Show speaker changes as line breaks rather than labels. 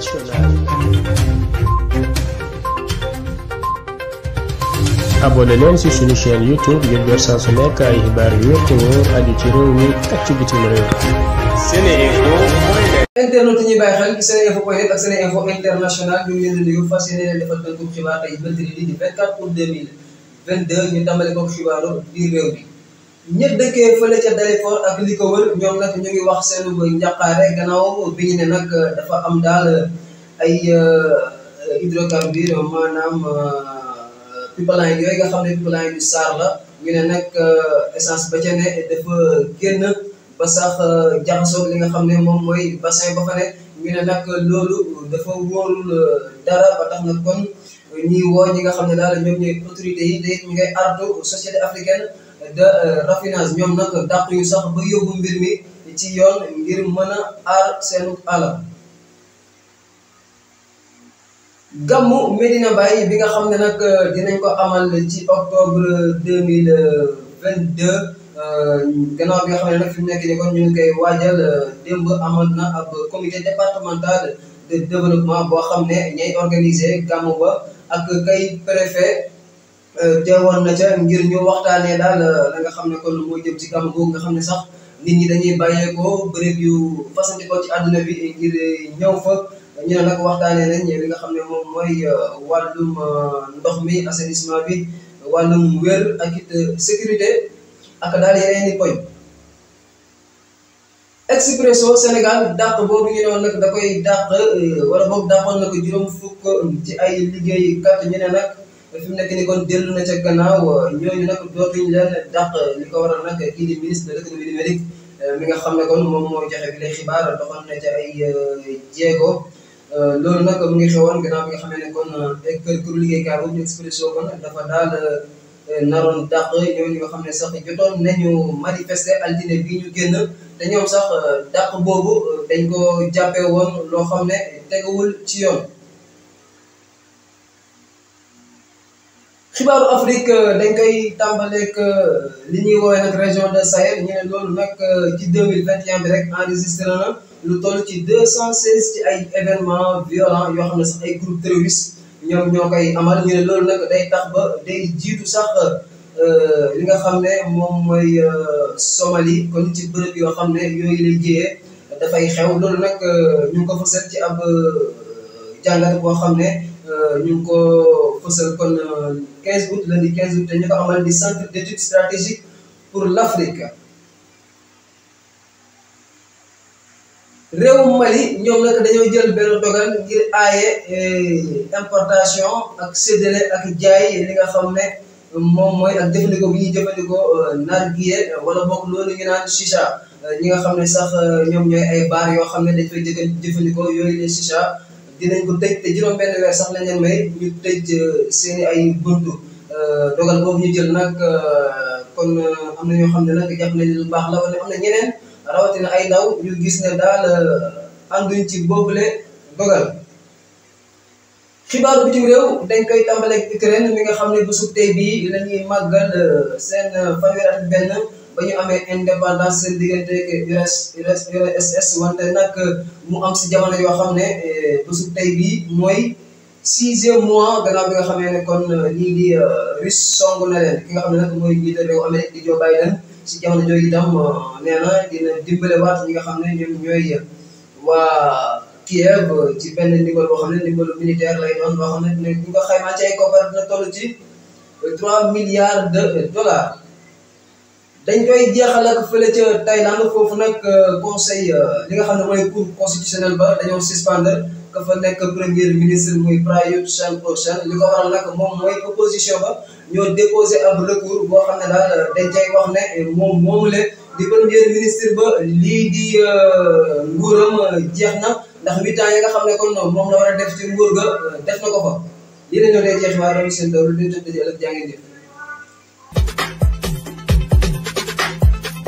internationale. abonné leen ci suñu chaîne youtube ngir jot saa su nekk ay xibaar yu wér te wóor aju ci réew mi ak ci bitim réew.
Seneinfo. internet yi ñuy bàyyi xel ci seneinfo.net ak Seneinfo international ñu ngi di nuyu fas yéene leen defal tënku xibaar tey biir réew mi. ñett dëkkee fële ca Dalifort ak li ko ñu ngi wax seenu njàqaare gannaaw bi am daal ay euh, hydrocarbure maanaam euh, pipeline yooyu nga xam ne la ñu ne nag euh, essence ba ca ne dafa génn ba nga xam ne moom mooy bassin ba fa ne ñu ñi nga xam ne daal ñoom ñooy autorités yi te ñu ngay artu société africaine de euh, raffinage ñoom nag dàq ñu sax ba yóbbu mbir mi ci yoon ngir mën a aar seenu alal gàmmu Medina Baye bi nga xam ne nag euh, dinañ ko amal ci octobre deux mille vingt deux euh, gannaaw bi nga xam ne nag fi nekk nii kon ñu ngi koy waajal démb amal na ab comité départemental de développement boo xam ne ñay organiser gàmmu ba ak kay préfet. Euh, teewoon na ca ngir ñu waxtaanee daal euh, la nga xam ne kon moo jëm ci gàmm googu nga xam ne sax nit ñi dañuy bàyyeekoo bërëb yu fasante ko ci àdduna bi ngir euh, ñëw fa nga xam ne moom mooy wàllum ndox mi assainissement bi wàllum wér ak it sécurité ak daal yeneen i poñ. Expresso Sénégal dàq boobu ñu ne woon nag da koy wala boobu dàqoon na juróom fukk ci ay liggéeykat ñu ne nag. fi mu ni kon dellu na ca gannaaw ñooñu nag dootuñ leen dàq li ko waral nag kii di ministre de l'économie numérique euh, mi nga xam ne kon moom moo joxe bi lay xibaar doxoon na ca ay euh, jéego euh, loolu nag mu ngi xewoon gannaaw bi nga xam ni kon kër kër liggéeykaay boobu ñu expresso kon dafa daal naroon dàq ñooñu nga xam ne sax jotoon nañu manifester altine bi ñu génn te ñoom sax dàq boobu dañ ko jàppee woon loo xam ne teguwul ci yoon. xibaaru Afrique euh, dañ koy tàmbaleeg euh, li ñuy woowee nag région de Sahel ñu ne loolu nag euh, ci deux mille vingt et un bi rek enregistré na lu toll ci deux cent seize ci ay événements violents yoo xam ne sax ay groupes terroristes ñoo koy amal ñu ne loolu nag day tax ba day jiitu sax li nga xam ne moom mooy Somalie kon ci bërëb yoo xam ne yooyu lay jiyee dafay xew loolu nag ñu ngi ko fa ci ab jàngat boo xam ne ñu ngi ko. professeur kon 15 euh, août lundi 15 août dañu ko amal di centre d' étude stratégique pour l' Afrique. réewu Mali ñoom nag dañoo jël benn dogal ngir aaye eh, importation ak séddale ak jaay li nga xam ne moom mooy ak jëfandikoo bi ñuy jëfandikoo euh, wala boog loolu ñu naan chicha euh, ñi nga xam ne sax ñoom ñooy ay baar yoo xam ne dañ fay jëfandikoo yooyu ne chicha. dinañ ko tëj te juróom-benn weer sax lañ may ñu tëj euh, seen ay buntu euh, dogal boobu ñu jël nag euh, kon am na ñoo xam ne nag jàpp nañ baax la wala am na ñeneen rawatina ay ndaw ñu gis ne daal ànduñ ci boobule dogal. xibaaru bitim réew dañ koy tàmbaleeg Ukraine mi nga xam ne bu sub tey bii la ñuy màggal seen fanweer benn. ba ñu amee indépendance seen diggante US US URSS wante euh, mu am si jamono yoo xam ne euh, bésu tey bii mooy sixième mois gannaaw bi nga xamee ne kon euh, lii di russe leen ki nga xam ne nag mooy njiital réew Amérique di si jamono jooju itam nee na dina waat ñi nga xam ne ñoom ñooy waa Kiev ci benn ndimbal boo xam ne ndimbalu militaire lay doon boo ne dinañ ko xaymaa ci ay koppar dina trois milliards de dollars. dañ koy jeexal ak fële ca Thaïlande foofu nag euh, conseil euh, li nga xam ne mooy cour constitutionnel ba dañoo suspendre ka fa nekk premier ministre muy Prayut Chan-o-cha li ko moom mooy opposition ba ñoo déposé ab recours boo xam ne daal dañ moom le di premier ministre ba lii di euh, nguuram jeex na ndax huit ans yi nga xam ne kon moom la war a def ci nguur ga def na ko fa lii la ñoo dee jeex waaye seen dawlu di tëdd ëllëg